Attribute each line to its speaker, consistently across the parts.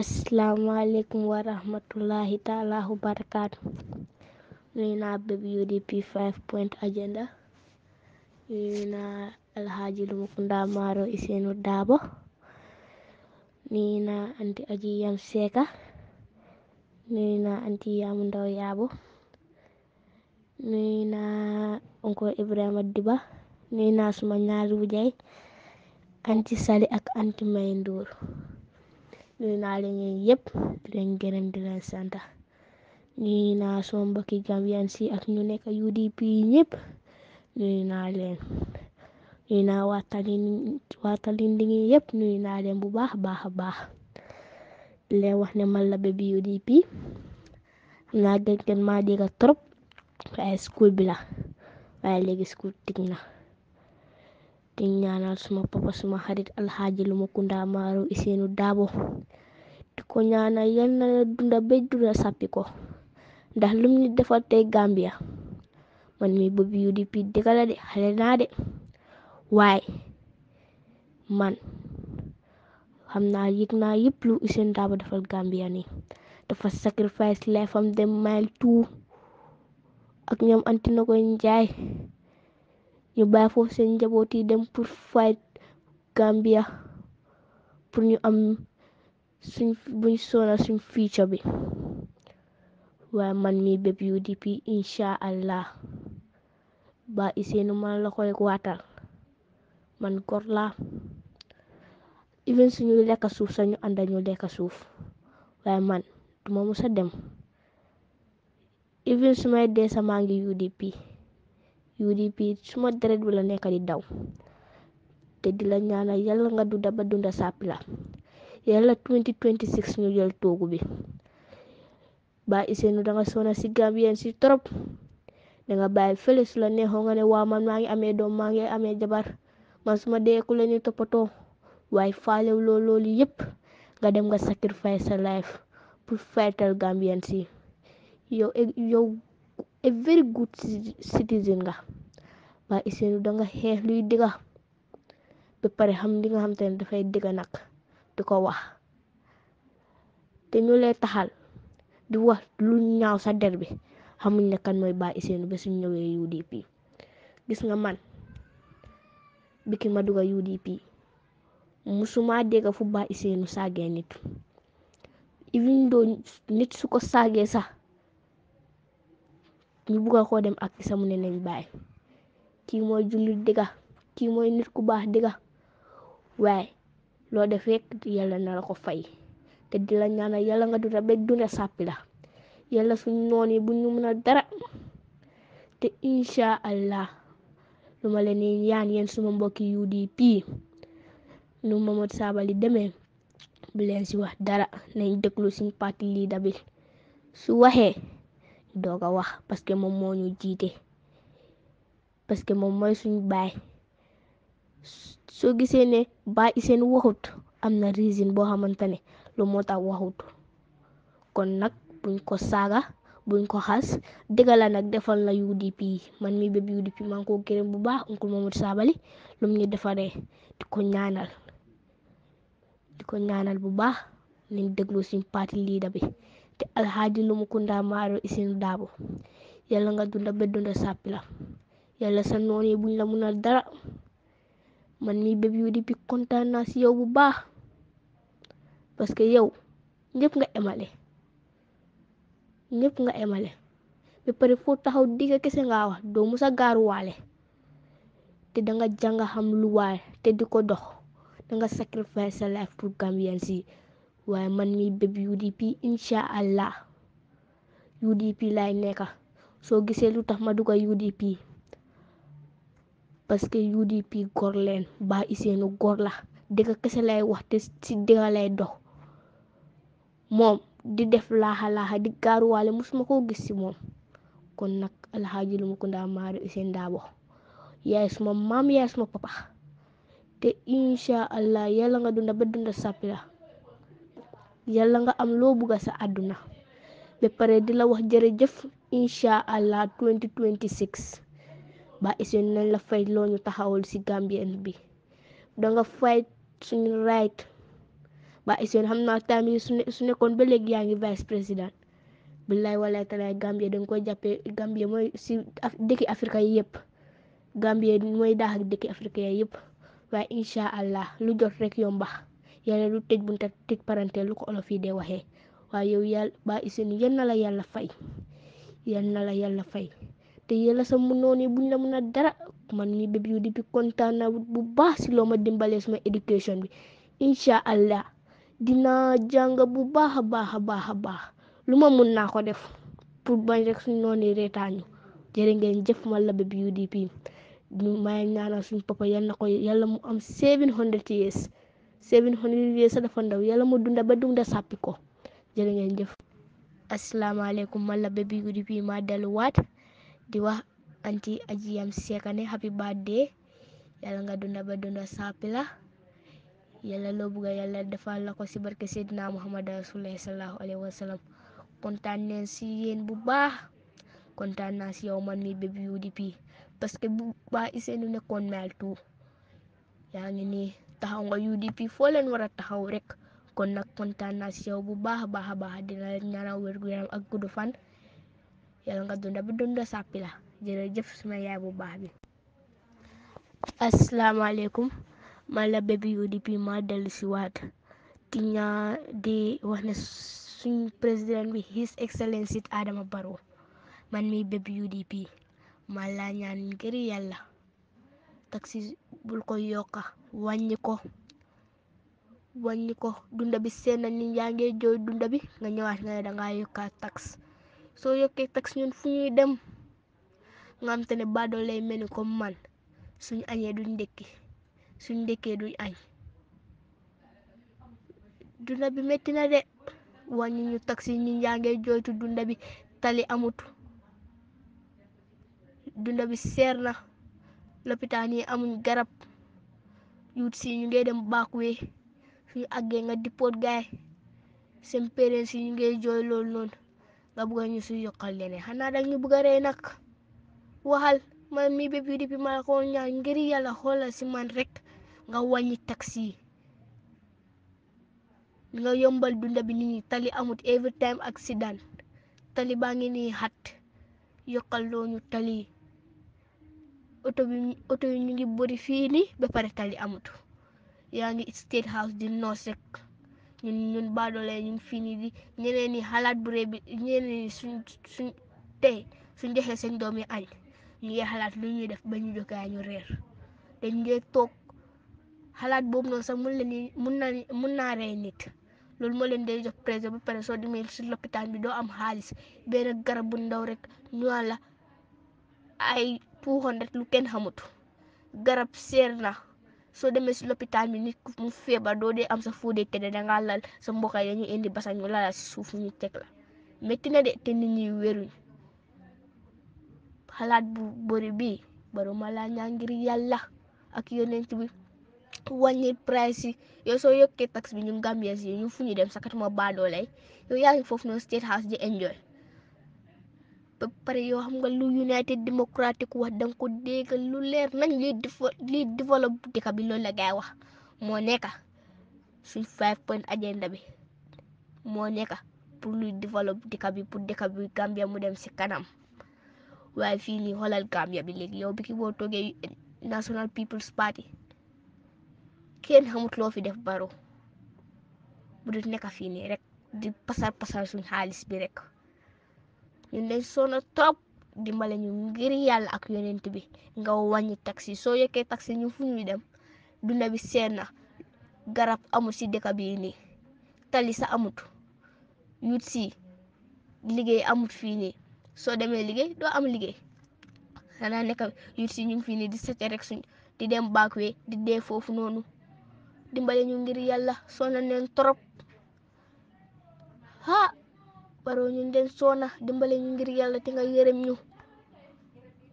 Speaker 1: asalaamaaleykum wa rahmatullahi taala wa barakaatu nuyu naa bépp UDP 5 point agenda nuyu naa alhaji Lumukunda Maro Isenu Dabo nuyu naa anti aji yam seeka nuyu anti yaamu ndaw yaabo nuyu naa onko Ibrahima suma ñaari wujay anti Sali ak anti May Ndour nuyu naa leen yéen yëpp di leen gërëm di sant nuyu naa suma mbokki Gambian si ak ñu nekk UDP ñëpp nuyu naa leen nuyu naa waa Tallinding yëpp nuyu naa leen bu baax baax a baax di wax ne man la bébé UDP xam naa gëj ngeen maa dégg trop waaye school bi la waaye school tëj di ñaanal suma papa suma xarit alxaaji lu ma kunda maaru iseenu daabo di ko ñaanal yal na dunda ba dunda sàppi ko ndax lum ñu defal tey Gambia man mi boobu UDP dëgg de xale naa de waaye man xam na yëg naa yëpp lu Ousainou defal Gambia nii dafa sacrifice life am dem mile two ak ñoom anti na njaay ñu bàyyi foofu seen njaboot yi dem pour fight Gambia pour ñu am suñ buñ sonal suñ future bi waaye man mi bépp UDP incha allah ba Isainu man la koy waatal man góor laa even suñu lekka suuf sax ñu ànd ñu lekka suuf waaye man duma musa dem even su may dee sa maa UDP yuuri suma deret bi la nekk di daw te di la ñaanal yàlla nga dunda ba dunda sàppi la yàlla 2026 ñu jël toogu bi ba Ousseynou da nga sona si Gambien si trop danga nga bàyyi fële su la neexoo nga ne waaw man maa ngi amee doom maa ngi amee jabar man su ma dee ku la ñu toppatoo waaye faalew loolu loolu yëpp nga dem nga sacrifice sa life pour faytal Gambien si yow a very good citizen nga waaye Ousseynou danga xeex luy dëgga ba pare xam li nga xam te ne dafay dëgga nag di ko wax te ñu lay taxal di wax lu ñaaw sa der bi xamuñ ne kan mooy Baye Ousseynou ba suñ ñëwee UDP gis nga man bi ki ma duga UDP musuma dégg fu Baye Ousseynou saagee nit even doo nit su ko saagee sax kii bugga koo dem ak isa mu ne nañ bàyyi kii mooy jullit dëgga kii mooy nit ku baax dëgga waaye loo def rek yàlla na ko fay te di la ñaanal yàlla nga dunda ba dunda sàppi la yàlla su noon yi bu ñu mën a dara te incha allah lu ma leen di ñaan yéen suma mbokki UDP nu Momodou Sabally demee bu leen si wax dara nañ déglu suñ parti leader bi su waxee doog a wax parce que moom moo ñu jiite parce que moom mooy suñu baay soo gisee ne baay waxut am na reason boo xamante ne lu moo tax waxut kon nag buñ ko saaga buñ ko xas dëgg la nag defal na UDP man mi bépp UDP maa ngi ko gërëm bu baax oncle Momodou Sabally saabali mu ñu defaree di ko ñaanal di ko bu baax nañ déglu suñ parti leader bi te alhaji Lumukunda Maaro Isinu Daabo yàlla nga dunda ba dunda sàppi la yàlla sa noon yi buñ la mënal dara man ni béb yu di bi kontaan naa si yow bu baax parce que yow ñëpp nga emale ñëpp nga emale ba pare foo taxaw digga kese nga wax doo musa gaaruwaale te danga jàng xam luwaay te di ko dox danga sacrifice sa life pour Gambien si waaye man mi bépp UDP incha allah UDP laay nekka soo gisee lu tax ma dugga UDP parce que UDP góor leen ba Ousainu góor la dëgg kese lay wax te si dëgg lay dox moom di def laaxa laaxa di gaaruwaale musuma koo gis si moom kon nag alxaaji Lumukunda Maari Ousain Darboe yaay suma maam yaay suma papa te incha allah yàlla nga dunda ba dunda sàppi yàlla nga am loo bugga sa àdduna ba pare di la wax jërëjëf incha allah 2026 ba isin nañ la fay loo ñu taxawal si Gambien bi danga fay suñu right ba isin xam naa time yi su nekkoon ba léegi yaa ngi vice président billaay walaay talaay Gambie dañ koy jàppee Gambie mooy si dikki Afrique yi yëpp Gambie mooy daax ak dëkki Afrique yi yëpp waaye incha allah lu jot rek yomba yàlla lu tëj bunta tëj parenté lu ko olof yi dee waxee waaye yow yàlla ba isinu yal na la yàlla fay yal na la yàlla fay te yàlla sa mu noonu buñ la mun a dara man mi béb yu kontaan na bu baax si loo ma dimbalee suma éducation bi incha allah dinaa jàng bu baax a baax a baax a baax lu ma mun naa ko def pour bañ rek suñ noonu reetaañu jërë ngeen jëf ma la béb UDP ñu may ñaanal papa yal ko yàlla mu am 700 years seven hundred years mu dunda ba dunda sàppi ko jërë ngeen jëf asalaamaaleykum man la Baby Goody bi ma delluwaat di wax anti Aji Yam Secka ne happy birthday yàlla nga dunda ba dunda sàppi la yàlla loo bëgg yàlla defal la ko si barke sedna Muhammad Rasulullah sallallahu alayhi wa sallam kontaan neen si yéen bu baax kontaan naa si yow man mi Baby UDP parce que bu baax Ousseynou nekkoon mel tout yaa ngi nii taxaw nga UDP foo leen war a taxaw rek kon nag kontaan naa si yow bu baax a baax a baax dina leen ñaanal wér gu yaram ak gudd fan yàlla nga dunda bi dunda sàppi la jërëjëf suma yaay bu baax bi. asalaamaaleykum man la bébé UDP ma dellu si waat di ñaa wax ne suñ président bi his excellence it Adama Barrow man mi bébé UDP man laa ñaan ngir yàlla. taxi bul ko yokka wàññi ko dundabi ko seen na ni yaa ngi jooy dunda nga ñëwaat nga yokkaat tax soo yokkee tax ñun fu ñuy dem nga xam te ne baadoo lay mel ni comme man suñu añee duñ ndékki suñ ndékkee duñ añ dunda bi metti na de wàññi ñu taxi ñi yaa ngi jooytu dunda bi tali amut dunda seer na lopitaan yi amuñ garab yuut si ñu ngay dem baakuwee suñu àggee nga dippoot gaay seen parents yi ñu ngay jooy loolu noonu nga bëgg ñu yokkal leneen xanaa dag ñu bëgg a rey nag waxal man mi bi yu depuis ma ko ñaan ngir yàlla xoolal si man rek nga wàññi taxi yi nga yombal dunda bi nit ñi tali amut every time accident tali baa ngi ni xat yokkal loo tali oto bi oto yi ñu ngi bëri fii nii ba pare tali amut yaa ngi state house di noos rek ñun ñun baadoole ñu ngi fii nii di ñeneen ñi xalaat bu rëy bi ñeneen ñi suñ suñ tey suñ joxee seen doom yi añ ñu ngi xalaat lu ñuy def ba ñu jokkoo ñu reer dañ toog xalaat boobu noonu sax mun leen mun naa mun naa rey nit loolu moo leen day jox président ba pare soo demee si lopitaan bi doo am xaalis benn garab bu ndaw rek ñu la ay. 200 lu kenn xamut garab seer na soo demee si lopitaan bi nit mu feebar doo dee am sa foo dee tëdd dangaa lal sa mbokk yi indi basan ñu lala si suuf ñu teg la métti na de te nit ñi wéruñ xalaat bu bëri bii baruma laa ñaa ngir yàlla ak yonent bi wàññi price yi yow soo yokkee tax bi ñu Gambians yi ñu fu ñu dem sakatuma baadoo lay eh. yow yaa ngi foofu noonu State House di enjoy ba pare yoo xam nga lu United Democratic wax danga ko déggal lu leer nañ li liy développe bi loolu la gaay moo nekka suñ five point agenda bi moo nekka pour luy développe dëkk bi pour dëkk bi Gambia mu dem si kanam waaye fii nii xoolal Gambia bi léegi yow bi ki boo toogee National People's Party kenn xamut loo fi def baro bu dul nekk fii nii rek di pasar pasar suñ xaalis bi rek ñun day sonn trop dimbale ñu ngir yàlla ak yonent bi nga wàññi taxi soo yokkee taxi ñu fu ñuy dem du bi seen na garab amul si dëkk bii nii tali sa amut yut si liggéey amut fii nii soo demee liggéey doo am liggéey sana nekk yut si ñu ngi fii nii di sete rek suñ di dem baak di dee foofu noonu dimbale ñu ngir yàlla sonn neen trop ha baroo ñun den soona dimbale ñu ngir yàlla te nga yërëm ñu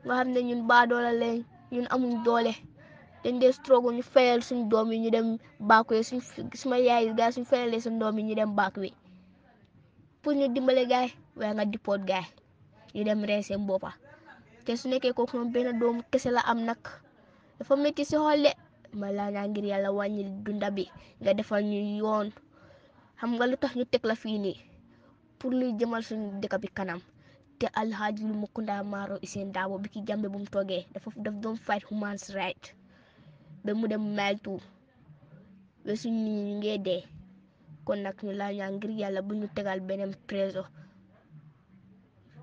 Speaker 1: nga xam ne ñun baadoola lañ ñun amuñ doole dañ dee ñu fayal suñ doom yi ñu dem baak we suñ suma yaay gaay suñ fayalee suñ doom yi ñu dem baak we pour ñu dimbale gaay waaye nga dipoot gaay ñu dem rey seen boppa su nekkee kooku moom benn doom kese la am nag dafa métti si xol de ma laa naa ngir yàlla wàññi dunda bi nga defal ñu yoon xam nga lu tax ñu teg la fii nii pour luy jëmal suñu dëkk bi kanam te alhaji Lumukunda Maro Hissène Dabo bi ki Gambie bu mu toogee dafa daf doon fight human rights ba mu dem Mile Two ba suñu nit ñu ngee dee kon nag ñu laa ñaan ngir yàlla bu ñu tegal beneen préso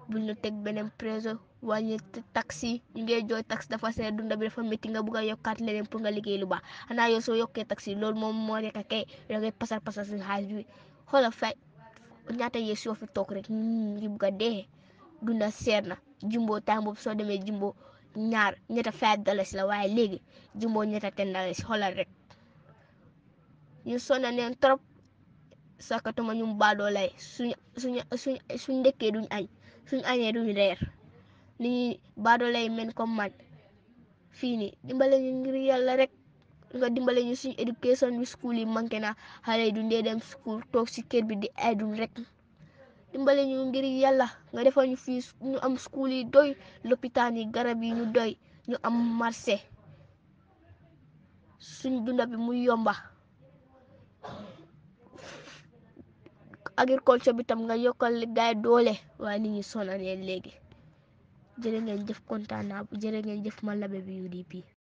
Speaker 1: bu ñu teg beneen préso wàññi taxi ñu ngee jooy taxi dafa seer dunda bi dafa métti nga bugg a yokkaat leneen pour nga liggéey lu baax xanaa yow soo yokkee taxi loolu moom moo nekk kay da pasar pasar seen xaalis bi xoolal ñaata yee soo fi toog rek ñu ngi bugg a dee na jumbo temps soo demee jumbo ñaar ñetta five dollars la waaye léegi jumbo ñetta ten dollars xoolal rek ñu sonna neen trop sakatuma ñu baadoo lay suñ suñu su suñ ndëkkee duñ añ suñ añee duñ reer li ñuy baadoo men comme man fii nii dimbale ñu ngir rek nga dimbale ñu suñu éducation bi school yi manqué na xale yi duñ dem school toog si kër bi di aydul rek dimbale ñu ngir yàlla nga defal ñu fii ñu am school yi doy lopitaan yi garab yi ñu doy ñu am marché suñ dunda bi muy yomba agriculture bi tam nga yokkal gaay doole waaye nit ñi sonal leen léegi jërë ngeen jëf kontaan naa jërë ngeen jëf ma labe bi UDP